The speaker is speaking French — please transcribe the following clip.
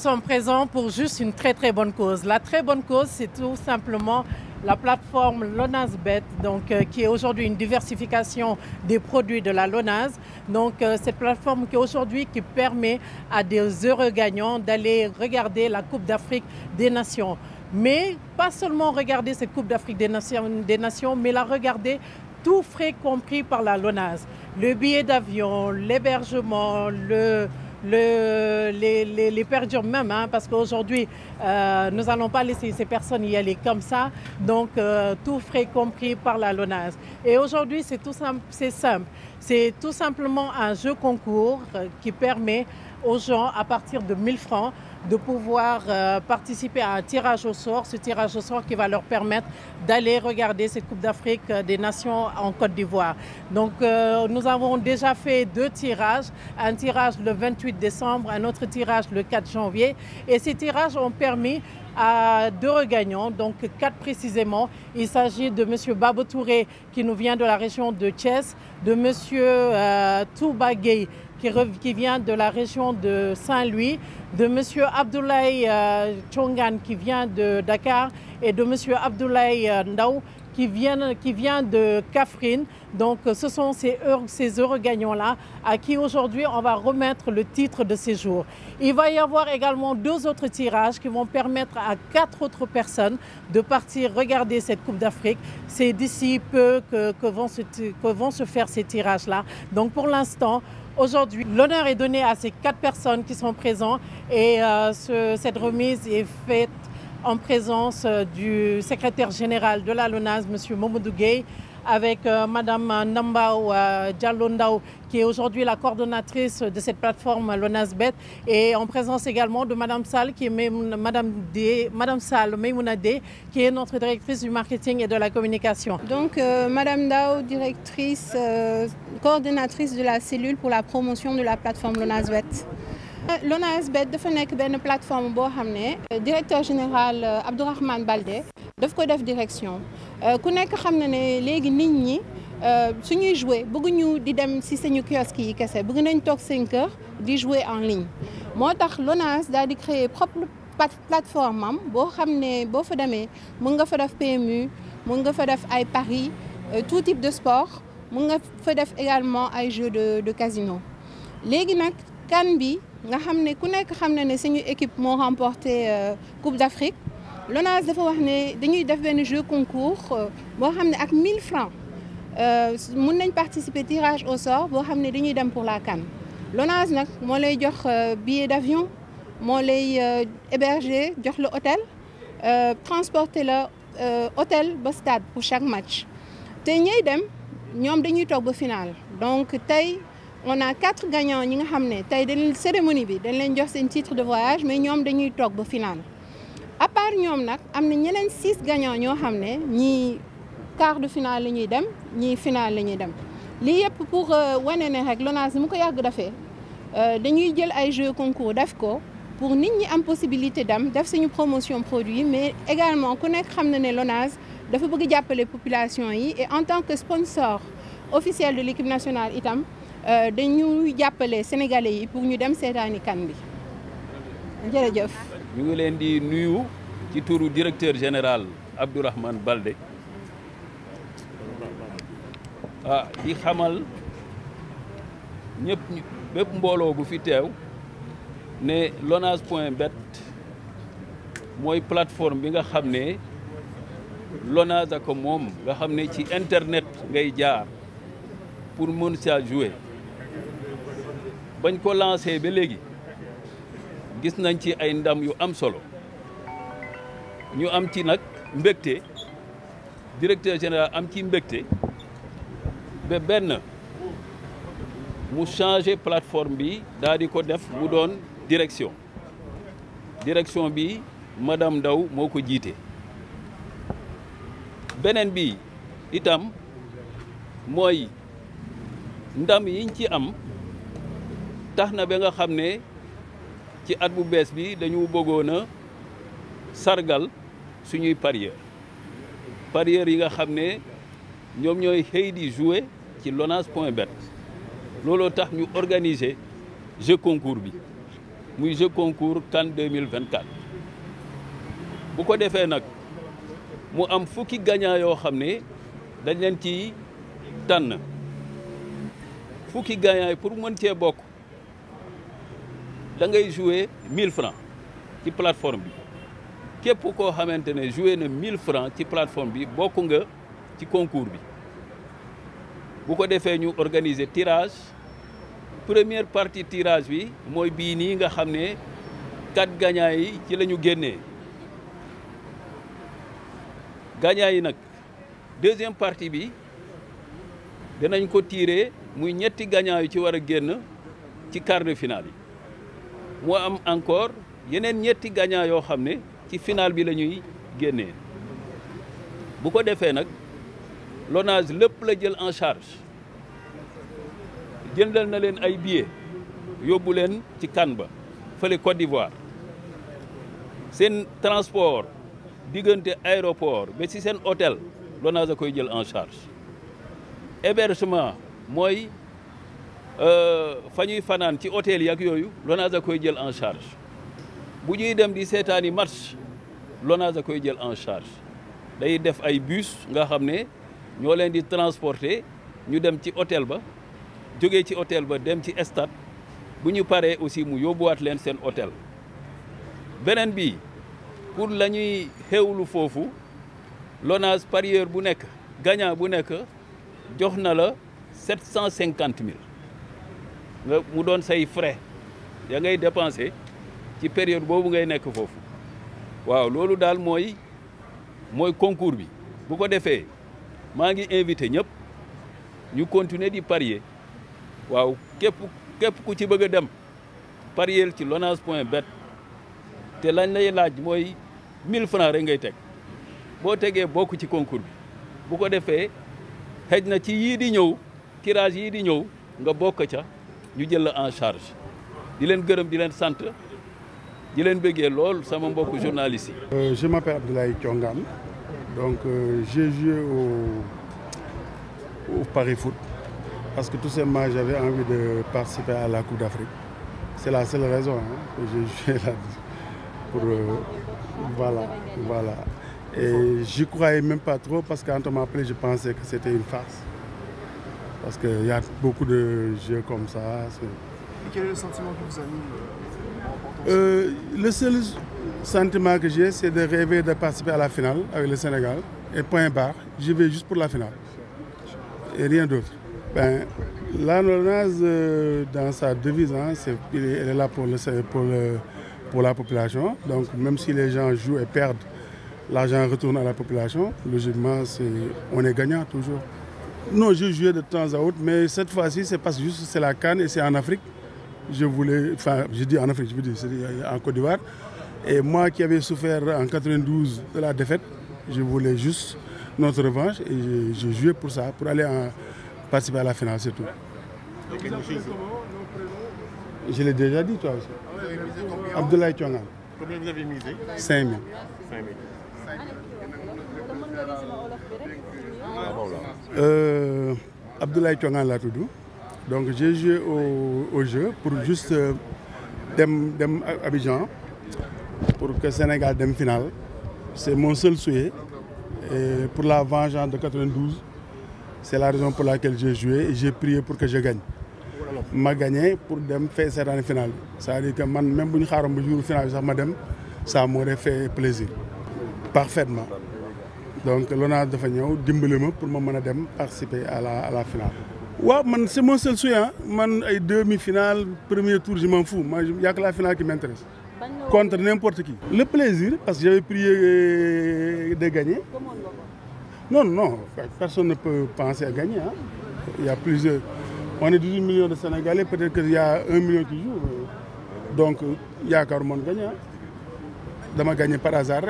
sommes présents pour juste une très très bonne cause. La très bonne cause, c'est tout simplement la plateforme LONASBET, donc, euh, qui est aujourd'hui une diversification des produits de la LONAS. Donc, euh, cette plateforme qui aujourd'hui qui permet à des heureux gagnants d'aller regarder la Coupe d'Afrique des Nations. Mais pas seulement regarder cette Coupe d'Afrique des Nations, des Nations, mais la regarder tout frais compris par la LONAS. Le billet d'avion, l'hébergement, le, le, les, les, même, hein, parce qu'aujourd'hui, euh, nous n'allons pas laisser ces personnes y aller comme ça, donc euh, tout frais compris par la LONAS. Et aujourd'hui, c'est tout c'est simple, c'est tout simplement un jeu concours euh, qui permet aux gens à partir de 1000 francs de pouvoir euh, participer à un tirage au sort, ce tirage au sort qui va leur permettre d'aller regarder cette Coupe d'Afrique euh, des Nations en Côte d'Ivoire. Donc euh, nous avons déjà fait deux tirages, un tirage le 28 décembre, un autre tirage le 4 janvier et ces tirages ont permis à deux regagnants, donc quatre précisément. Il s'agit de M. Babo Touré qui nous vient de la région de Thiès, de M. Euh, Touba Gay qui, vient de la région de Saint-Louis, de M. Abdoulaye Chongan euh, qui vient de Dakar et de M. Abdoulaye euh, Ndao qui, qui vient de Kafrine. Donc euh, ce sont ces heureux, gagnants-là à qui aujourd'hui on va remettre le titre de séjour. Il va y avoir également deux autres tirages qui vont permettre à quatre autres personnes de partir regarder cette Coupe d'Afrique. C'est d'ici peu que, vont se, que vont se faire ces tirages-là. Donc pour l'instant, Aujourd'hui, l'honneur est donné à ces quatre personnes qui sont présentes et euh, cette remise est faite en présence euh, du secrétaire général de la LONAS, M. Momodou avec euh, Madame Nambao euh, Djalondao, qui est aujourd'hui la coordonnatrice de cette plateforme, l'ONASBET, et en présence également de Madame Sal, qui est Madame, D, Madame qui est notre directrice du marketing et de la communication. Donc, euh, Madame Dao, directrice, coordonnatrice de la cellule pour la promotion de la plateforme l'ONASBET. L'ONASBET, est une plateforme, directeur général Abdurrahman Baldé, daf ko def direction euh, ku nekk xam na ne léegi nit ñi euh, suñuy jouer bëgguñu di dem ci suñu kiosque yi kese bëgg nañ toog seen kër di jouer en ligne moo tax l'Onas, daal di créer propre plateforme am boo xam ne boo fa demee mën nga fa def PMU mën nga fa def ay paris euh, tout type de sport mën nga fa def également ay jeux de de casino léegi nag kan bi nga xam ne ku nekk xam na ne suñu équipe moo remporté Coupe d'Afrique l'ONAS a fait un jeu concours avec euh, xam 1000 francs vous euh, nañ au tirage au sort vous xam vous dañuy pour la CAN l'ONAS a fait un billet d'avion un lay euh, héberger jox hôtel transporter hôtel au stade pour chaque match te avons dem un dañuy toog final donc on a quatre gagnants ñi nga fait une cérémonie bi dañ leen jox titre de voyage mais fait dañuy tour ba final à part nous, nous avons 6 six gagnants qui ont été quart de finale et ñuy finale Ce ñuy dem pour euh, nous, c'est rek lonas mu ko euh, jeux concours def pour nous donner am possibilité de faire une promotion produits. mais également ku nekk xam na ne dafa bëgg population et en tant que sponsor officiel de l'équipe nationale itam euh, appelé les sénégalais pour nous dem seetaani kan bi Merci. Nous ngi de di nuyu ci turu directeur général Abdourahmane Balde. ah di xamal ñëpp bépp mbolo bu fi teew ne lonase.bet moy plateforme bi nga xamné ne ak mom nga xamné ci internet ngay jaar pour mon saa jouer bañ ko lancer ba légui gis nañ ci ndam yu am solo ñu am ci directeur général am ci mbégte benn mu plateforme bi daal di ko def mu direction direction bi madame daw moko jité benen bi itam moy ndam yiñ ci am taxna ci at bu bes bi dañu sargal suñuy parieur parieur yi nga xamné ñom ñoy joué jouer ci lonase point Nous tax ñu organiser jeu concours bi muy concours CAN 2024 Pourquoi? ko défé nag mu am fukki gagnant dañ pour mën beaucoup da 1000 francs ci plateforme bi képp koo xamante jouer 1000 francs la plateforme bi bokk nga ci concours bi bu ko defee ñu organiser tirage première partie tirage nous ce 4 nii nga xam quatre gagnants yi ci la gagnants yi deuxième partie bi dinañ ko tirer muy ñetti gagnants yu ci war a quart de finale mu am encore yenen ñetti gagnant yo xamné ci final bi lañuy ñuy bu ko défé nak l'ONAS lepp la jël en charge jëndal na leen ay billets yobul leen ci CAN ba fële Côte d'Ivoire sen transport digënté aéroport mais ci sen hôtel l'ONAS koy jël en charge hébergement moy Euh, fa ñuy fanaan ci hôtel yi ak yooyu LONASE a koy jël en charge bu ñuy dem di seetaani match LONASE a koy jël en charge day def ay bus nga xam ne ñoo leen di transporter ñu dem ci hôtel ba jóge ci hôtel ba dem ci stade bu ñu paree aussi mu yóbbuwaat leen seen hôtel beneen bi pour lañuy ñuy foofu LONASE parieur bu nekk gagnant bu nekk jox na la sept cent cinquante mille mu doon say fre ya ngay dépenser ci période boobu ngay nekk foofu waaw loolu daal mooy mooy concours bi bu ko defee maa ngi invité ñëpp ñu continuer di parier waaw képp képp ku ci bëgg a dem parier ci lonase point bet te lañ lay laaj mooy 1000 francs rek ngay teg boo tegee bokk ci concours bi bu ko defee xëj na ci yii di ñëw tirage yii di ñëw nga bokk ca Nous jël en charge di centre. di euh, je m'appelle Abdoulaye Thiongane donc euh, j'ai joué au, au Paris Foot parce que tout simplement j'avais envie de participer à la Coupe d'Afrique. C'est la seule raison hein, que j'ai joué là pour euh, voilà voilà et je croyais même pas trop parce qu'en tant je pensais que c'était une farce. Parce qu'il y a beaucoup de jeux comme ça. Et quel est le sentiment euh, que vous euh, avez Le seul sentiment que j'ai, c'est de rêver de participer à la finale avec le Sénégal. Et point barre, je vais juste pour la finale. Et rien d'autre. Ben, la euh, dans sa devise, hein, elle est là pour, le, pour, pour la population. Donc, même si les gens jouent et perdent, l'argent retourne à la population. Logiquement, on est gagnant toujours. Non, je jouais de temps à autre, mais cette fois-ci, c'est parce que c'est la Cannes et c'est en Afrique. Je voulais, enfin, je dis en Afrique, je veux dire, c'est euh, en Côte d'Ivoire. Et moi qui avais souffert en 92 de la défaite, je voulais juste notre revanche et je, jouais pour ça, pour aller participer à la finale, c'est tout. je l'ai déjà dit, toi aussi. Ah Abdoulaye Tchouangan. Combien vous avez misé 5 000. 5 000. 5 000. 5 000. Euh, Abdoulaye Tiongan Latoudou Donc j'ai joué au, jeu pour juste euh, Abidjan pour que Sénégal dem finale. C'est mon seul souhait. pour la vengeance de 92, c'est la raison pour laquelle j'ai joué et j'ai prié pour que je gagne. ma gagné pour faire cette cette finale finale. c'est-à-dire que même si je suis au final ça m'aurait fait plaisir parfaitement donc l'on a ñëw ma pour ma participer à la finale. Oui, c'est mon seul souhait hein. man demi-finale premier tour je m'en fous Il n'y a que la finale qui m'intéresse contre n'importe qui. le plaisir parce que j'avais prié euh, de gagner non non personne ne peut penser à gagner hein. il y a plusieurs on est 18 millions de Sénégalais peut-être qu'il y a 1 million qui joue donc euh, a qu'à gagner hein. dama gagner par hasard